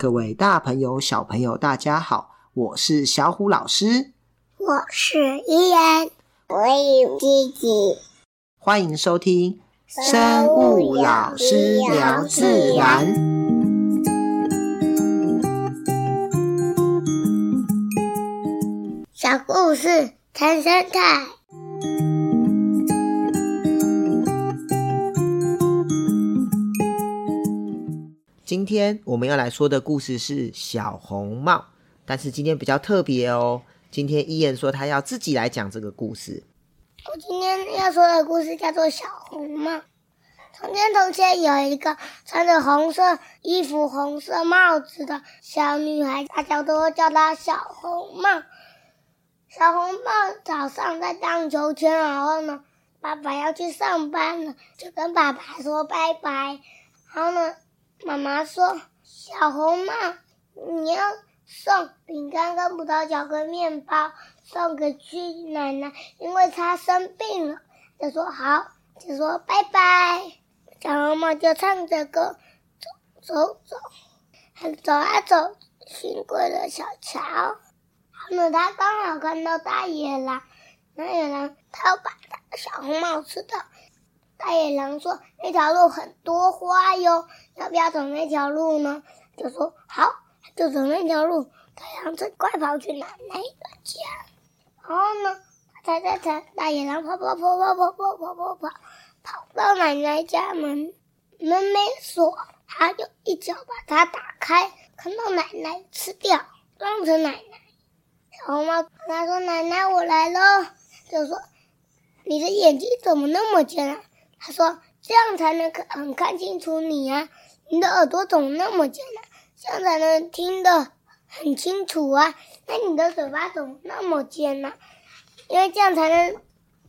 各位大朋友、小朋友，大家好，我是小虎老師，我是依然，我也有吉吉，歡迎收聽《生物老師聊自然》小故事談生態。今天我們要來說的故事是《小紅帽》，但是今天比較特別哦。今天依然說他要自己來講這個故事。我今天要說的故事叫做《小紅帽》。從前從前有一個穿着紅色衣服、紅色帽子的小女孩，大家都會叫她小紅帽。小紅帽早上在荡秋千，然後呢，爸爸要去上班了，就跟爸爸說拜拜，然後呢。媽媽說：“小紅帽，你要送餅乾、跟葡萄酒跟麵包送給去奶奶，因為她生病了。”就說好，就說拜拜。小紅帽就唱着歌，走走走，還走，走啊走，經過了小橋，然後他剛好看到大野狼，大野狼他要把她小紅帽吃掉。大野狼說：“那條路很多花喲，要不要走那條路呢？”就說：“好，就走那條路。”大野狼快跑去奶奶的家。然後呢，踩踩踩，大野狼跑跑跑跑跑跑跑跑，跑到奶奶家門，門沒鎖，他就一腳把它打開，看到奶奶吃掉，裝成奶奶。小紅帽他說：“奶奶，我來嘍。”就說：“你的眼睛怎麼那麼尖啊？”他說：“這樣才能很看清楚你呀，啊，你的耳朵怎麼那麼尖呢？這樣才能聽得很清楚啊。那你的嘴巴怎麼那麼尖呢？因為這樣才能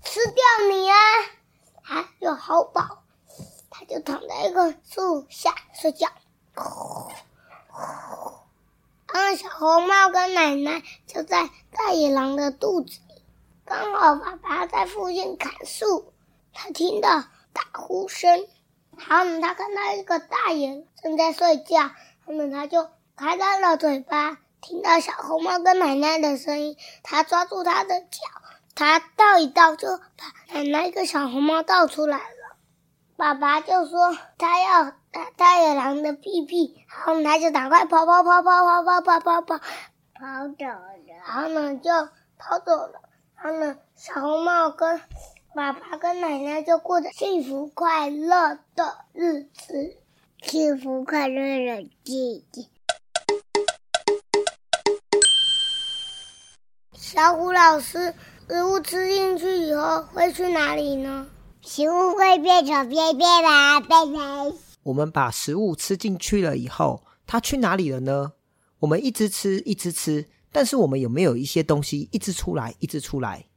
吃掉你啊，還、啊、有好飽。他就躺在一棵樹下睡覺。然後小紅帽跟奶奶就在大野狼的肚子裡，剛好爸爸在附近砍樹，他聽到。”哭聲，然後呢，他看到一個大人正在睡覺，然後他就開大了嘴巴，聽到小紅帽跟奶奶的聲音，他抓住他的腳，他倒一倒，就把奶奶跟小紅帽倒出來了。爸爸就說他要打大野狼的屁屁，然後他就趕快跑跑跑跑跑跑跑跑跑，跑，跑走了，然後呢就跑走了，然後呢，小紅帽跟。爸爸跟奶奶就過着幸福快樂的日子，幸福快樂的日子。小虎老師，食物吃進去以後會去哪裡呢？食物會變成便便嗎？拜拜。我們把食物吃進去了以後，它去哪裡了呢？我們一直吃，一直吃，但是我們有沒有一些東西一直出來，一直出來？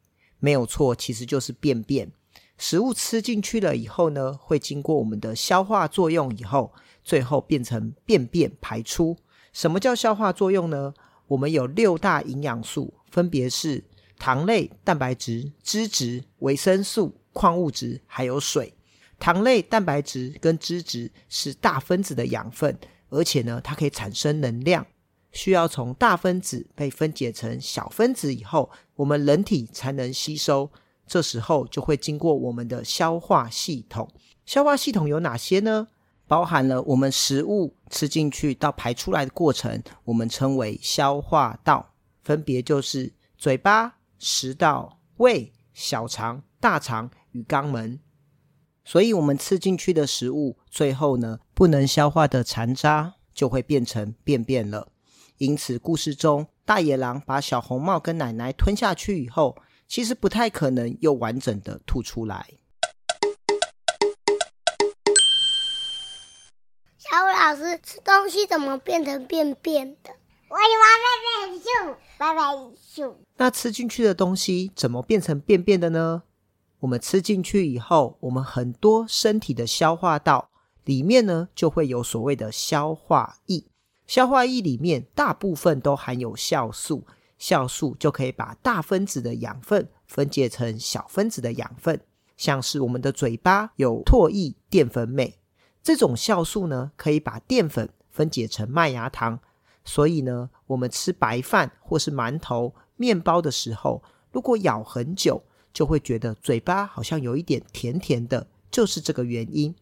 沒有錯，其實就是便便。食物吃進去了以後呢，會經過我們的消化作用以後，最後變成便便排出。什麼叫消化作用呢？我們有六大營養素，分別是糖類、蛋白質、脂質、維生素、礦物質，還有水。糖類、蛋白質跟脂質是大分子的養分，而且呢，它可以產生能量。需要從大分子被分解成小分子以後，我們人體才能吸收。這時候就會經過我們的消化系統。消化系統有哪些呢？包含了我們食物吃進去到排出來的過程，我們稱為消化道，分別就是嘴巴、食道、胃、小腸、大腸與肛門。所以，我們吃進去的食物，最後呢，不能消化的殘渣就會變成便便了。因此，故事中大野狼把小紅帽跟奶奶吞下去以後，其實不太可能又完整的吐出來。小虎老師，吃東西怎麼變成便便的？我喜歡便便秀，便便秀。那吃進去的東西怎麼變成便便的呢？我們吃進去以後，我們很多身體的消化道裡面呢，就會有所謂的消化液。消化液裡面大部分都含有酵素，酵素就可以把大分子的養分分解成小分子的養分。像是我們的嘴巴有唾液澱粉酶，這種酵素呢，可以把澱粉分解成麥芽糖。所以呢，我們吃白飯或是饅頭、麵包的時候，如果咬很久，就會覺得嘴巴好像有一點甜甜的，就是這個原因。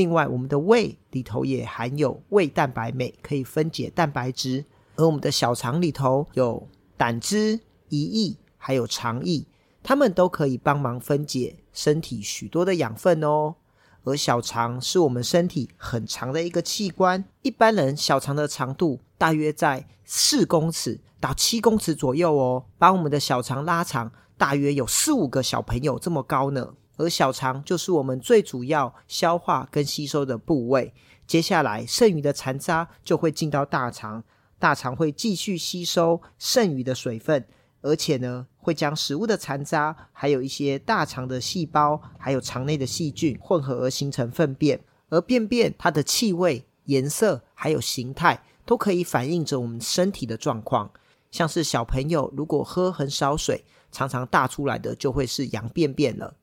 另外，我們的胃裡頭也含有胃蛋白酶，可以分解蛋白質；而我們的小腸裡頭有膽汁、胰液，還有腸液，它們都可以幫忙分解身體許多的養分哦。而小腸是我們身體很長的一個器官，一般人小腸的長度大約在四公尺到七公尺左右哦。把我們的小腸拉長，大約有四五個小朋友這麼高呢。而小腸就是我們最主要消化跟吸收的部位，接下來剩餘的殘渣就會進到大腸，大腸會繼續吸收剩餘的水分，而且呢會將食物的殘渣，還有一些大腸的細胞，還有腸內的細菌混合而形成糞便。而便便它的氣味、顏色還有形態，都可以反映着我們身體的狀況。像是小朋友如果喝很少水，常常大出來的就會是羊便便了。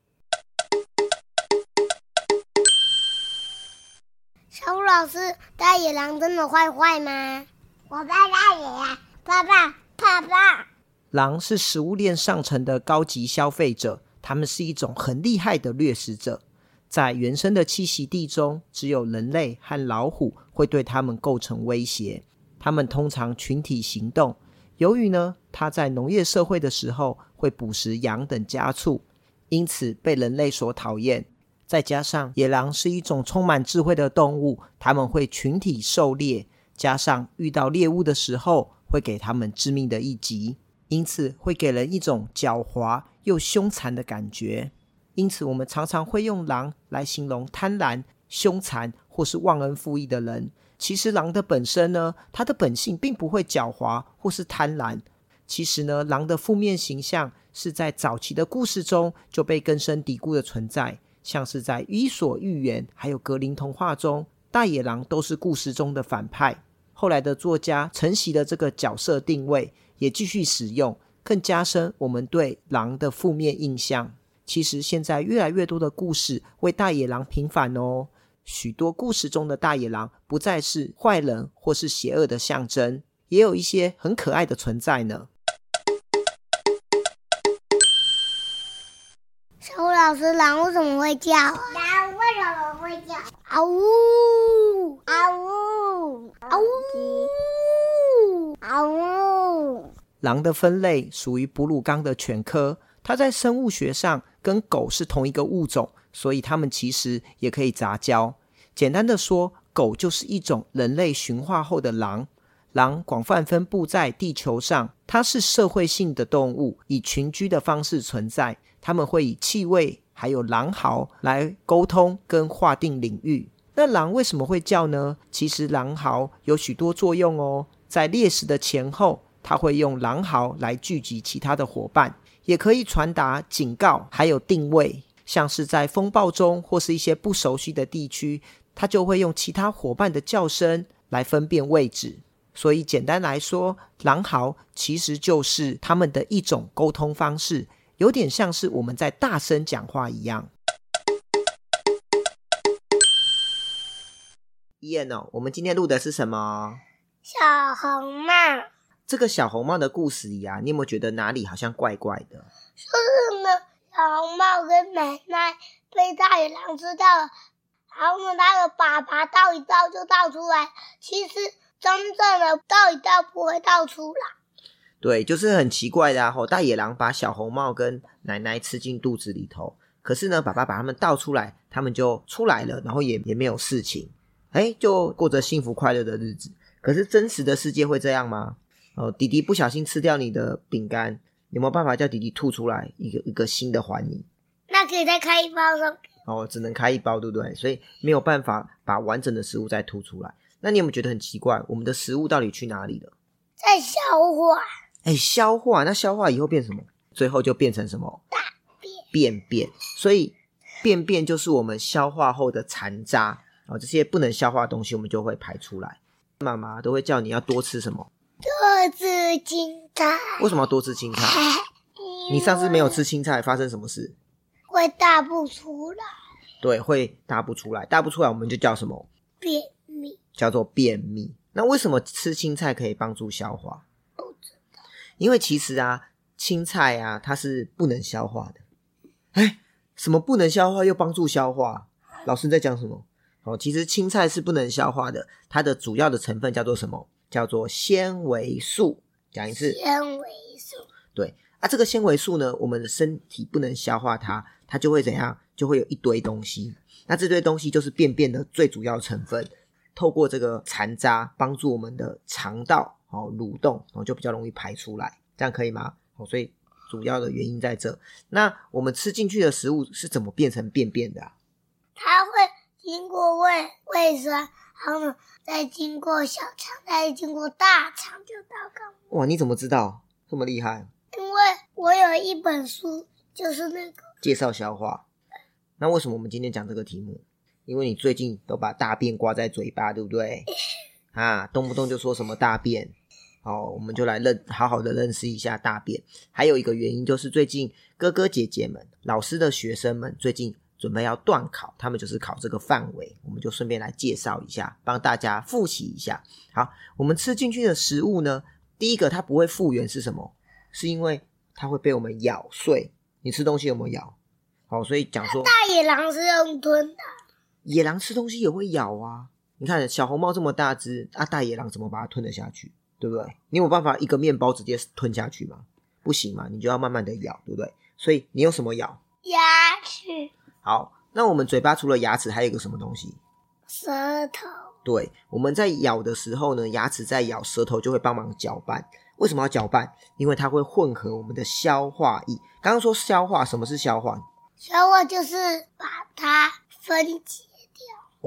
是大野狼真的壞壞嗎？我怕大野狼呀、啊，怕怕、怕怕。狼是食物鏈上層的高級消費者，它們是一種很厲害的掠食者。在原生的棲息地中，只有人類和老虎會對它們構成威脅。它們通常群體行動。由於呢，它在農業社會的時候會捕食羊等家畜，因此被人類所討厭。再加上野狼是一種充滿智慧的動物，他們會群體狩獵，加上遇到獵物的時候會給他們致命的一擊，因此會給人一種狡猾又凶殘的感覺。因此，我們常常會用狼來形容貪婪、凶殘或是忘恩負義的人。其實，狼的本身呢，它的本性並不會狡猾或是貪婪。其實呢，狼的負面形象是在早期的故事中就被根深蒂固的存在。像是在伊索寓言，還有格林童話中，大野狼都是故事中的反派。後來的作家承襲了這個角色定位，也繼續使用，更加深我們對狼的負面印象。其實現在越來越多的故事為大野狼平反哦，許多故事中的大野狼不再是壞人或是邪惡的象徵，也有一些很可愛的存在呢。老師，狼為什麼會叫？狼為什麼會叫？嗷嗚！嗷嗚！嗷嗚！嗷嗚！狼的分類屬於哺乳綱的犬科，它在生物學上跟狗是同一個物種，所以它們其實也可以雜交。簡單的說，狗就是一種人類馴化後的狼。狼廣泛分佈在地球上，它是社會性的動物，以群居的方式存在。它們會以氣味還有狼嚎來溝通跟劃定領域。那狼為什麼會叫呢？其實狼嚎有許多作用哦。在獵食的前後，它會用狼嚎來聚集其他的夥伴，也可以傳達警告，還有定位。像是在風暴中或是一些不熟悉的地區，它就會用其他夥伴的叫聲來分辨位置。所以，簡單來說，狼嚎其實就是他們的一種溝通方式，有點像是我們在大聲講話一樣。耶諾，Ian，我們今天錄的是什麼？小紅帽。這個小紅帽的故事呀、啊，你有沒有覺得哪裡好像怪怪的？就是呢，小紅帽跟奶奶被大野狼吃掉了，然後呢，他的爸爸倒一倒就倒出來，其實。真正的倒一倒不會倒出來，對，就是很奇怪的啊！後大野狼把小紅帽跟奶奶吃進肚子裡頭，可是呢，爸爸把他們倒出來，他們就出來了，然後也也沒有事情，哎，就過着幸福快樂的日子。可是真實的世界會這樣嗎？哦，弟弟不小心吃掉你的餅乾，有沒有辦法叫弟弟吐出來一個一個新的還你？那可以再開一包哦。哦，只能開一包，對不對？所以沒有辦法把完整的食物再吐出來。那你有沒有覺得很奇怪？我們的食物到底去哪裡了？在消化。哎，消化，那消化以後變什麼？最後就變成什麼？大便。便便。所以，便便就是我們消化後的殘渣啊，哦，這些不能消化的東西，我們就會排出來。媽媽都會叫你要多吃什麼？多吃青菜。為什麼要多吃青菜？你上次沒有吃青菜，發生什麼事？會大不出來。對，會大不出來。大不出來，我們就叫什麼？便。叫做便秘。那為什麼吃青菜可以幫助消化？知道。因為其實啊，青菜啊，它是不能消化的。哎，什麼不能消化又幫助消化？老師在講什麼？哦，其實青菜是不能消化的。它的主要的成分叫做什麼？叫做纖維素。講一次，纖維素。對啊，這個纖維素呢，我們的身體不能消化它，它就會怎樣？就會有一堆東西。那這堆東西就是便便的最主要成分。透過這個殘渣幫助我們的腸道哦蠕動，然後，哦，就比較容易排出來，這樣可以嗎？哦，所以主要的原因在這。那我們吃進去的食物是怎麼變成便便的啊？它會經過胃胃酸，然後呢再經過小腸，再經過大腸就到肛門。哇，你怎麼知道這麼厲害？因為我有一本書就是那個介紹消化。那為什麼我們今天講這個題目？因為你最近都把大便掛在嘴巴，對不對？啊，動不動就說什麼大便。好，哦，我們就來認好好的認識一下大便。還有一個原因就是最近哥哥姐姐們、老師的學生們最近準備要段考，他們就是考這個範圍，我們就順便來介紹一下，幫大家複習一下。好，我們吃進去的食物呢，第一個它不會復原是什麼？是因為它會被我們咬碎。你吃東西有沒有咬？好，哦，所以講說大野狼是用吞的。野狼吃東西也會咬啊！你看小紅帽這麼大只，啊大野狼怎麼把它吞得下去？對不對？你有辦法一個麵包直接吞下去嗎？不行嘛，你就要慢慢的咬，對不對？所以你用什麼咬？牙齒。好，那我們嘴巴除了牙齒，還有一個什麼東西？舌頭。對，我們在咬的時候呢，牙齒在咬，舌頭就會幫忙攪拌。為什麼要攪拌？因為它會混合我們的消化液。剛剛說消化，什麼是消化？消化就是把它分解。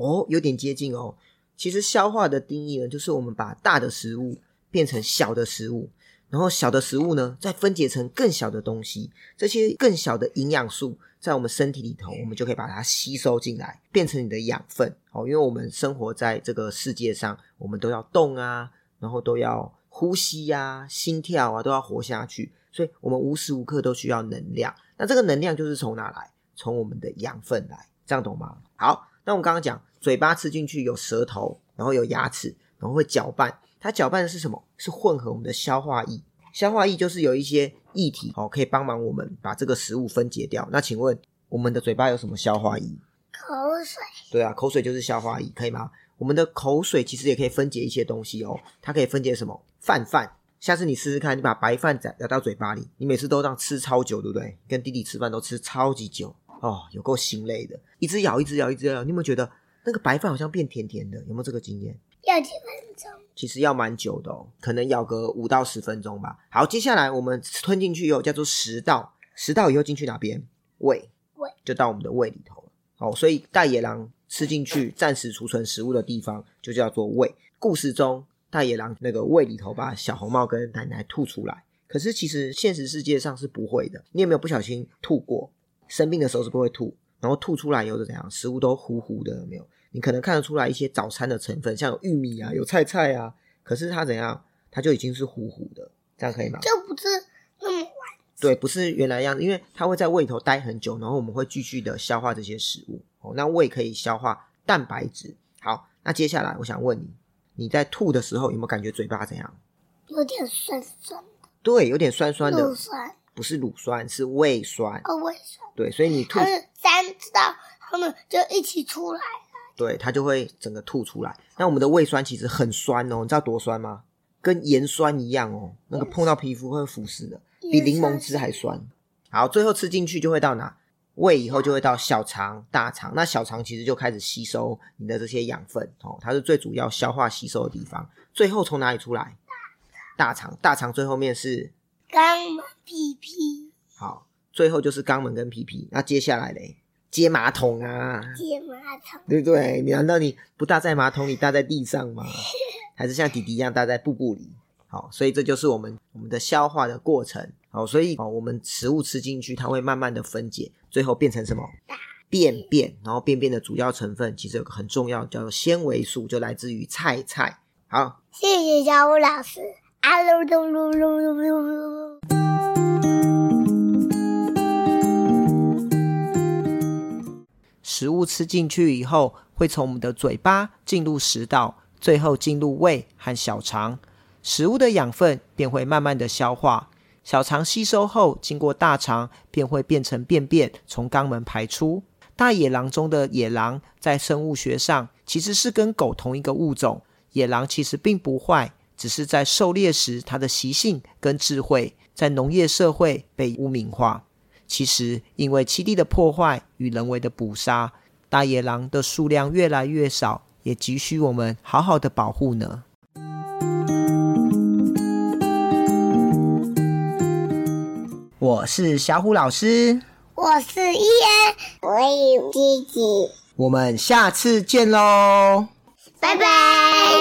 哦，有點接近哦。其實消化的定義呢，就是我們把大的食物變成小的食物，然後小的食物呢，再分解成更小的東西。這些更小的營養素，在我們身體裡頭，我們就可以把它吸收進來，變成你的養分。哦，因為我們生活在這個世界上，我們都要動啊，然後都要呼吸呀、心跳啊，都要活下去，所以我們無時無刻都需要能量。那這個能量就是從哪來？從我們的養分來，這樣懂嗎？好，那我們剛剛講。嘴巴吃進去有舌頭，然後有牙齒，然後會攪拌。它攪拌的是什麼？是混合我們的消化液。消化液就是有一些液體哦，可以幫忙我們把這個食物分解掉。那請問我們的嘴巴有什麼消化液？口水。對啊，口水就是消化液，可以嗎？我們的口水其實也可以分解一些東西哦。它可以分解什麼？飯飯。下次你試試看，你把白飯在咬到嘴巴裡，你每次都這樣吃超久，對不對？跟弟弟吃飯都吃超級久哦，有夠心累的，一直咬，一直咬，一直咬，一直咬。你有沒有覺得？那個白飯好像變甜甜的，有沒有這個經驗？要幾分鐘？其實要蠻久的哦，可能咬個五到十分鐘吧。好，接下來我們吞進去以後叫做食道，食道以後進去哪邊？胃。胃就到我們的胃裡頭了。好，所以大野狼吃進去暫時儲存食物的地方就叫做胃。故事中大野狼那個胃裡頭把小紅帽跟奶奶吐出來，可是其實現實世界上是不會的。你有沒有不小心吐過？生病的時候是不是會吐？然後吐出來又是怎樣？食物都糊糊的有沒有？你可能看得出來一些早餐的成分，像有玉米啊，有菜菜啊。可是它怎樣？它就已經是糊糊的，這樣可以嗎？就不是那麼壞。嗯、對，不是原來樣子，因為它會在胃裡頭待很久，然後我們會繼續的消化這些食物。哦，那胃可以消化蛋白質。好，那接下來我想問你，你在吐的時候有沒有感覺嘴巴怎樣？有點酸酸的。對，有點酸酸的。不是乳酸，是胃酸。哦，胃酸。對，所以你吐，它是三道，他們就一起出來了。對，它就會整個吐出來。那我們的胃酸其實很酸哦，你知道多酸嗎？跟鹽酸一樣哦，那個碰到皮膚會腐蝕的，比檸檬汁還酸。好，最後吃進去就會到哪？胃以後就會到小腸、大腸。那小腸其實就開始吸收你的這些養分哦，它是最主要消化吸收的地方。最後從哪裡出來？大腸，大腸最後面是？肛門、屁屁，好，最後就是肛門跟屁屁。那接下來嘞？接馬桶啊，接馬桶，對不對？對，你難道你不搭在馬桶你搭在地上嗎？ 還是像弟弟一樣搭在布布裡？好，所以這就是我們我們的消化的過程。好，所以啊，我們食物吃進去，它會慢慢的分解，最後變成什麼？大便便。然後便便的主要成分其實有個很重要，叫做纖維素，就來自於菜菜。好，謝謝小虎老師。Hello，嘟嚕嚕嚕嚕嚕。食物吃進去以後，會從我們的嘴巴進入食道，最後進入胃和小腸。食物的養分便會慢慢的消化，小腸吸收後，經過大腸便會變成便便，從肛門排出。大野狼中的野狼，在生物學上其實是跟狗同一個物種。野狼其實並不壞。只是在狩獵時，它的習性跟智慧在農業社會被汙名化。其實，因為棲地的破壞與人為的捕殺，大野狼的數量越來越少，也急需我們好好的保護呢。我是小虎老師，我是伊恩，我是弟弟。我們下次見嘍，拜拜。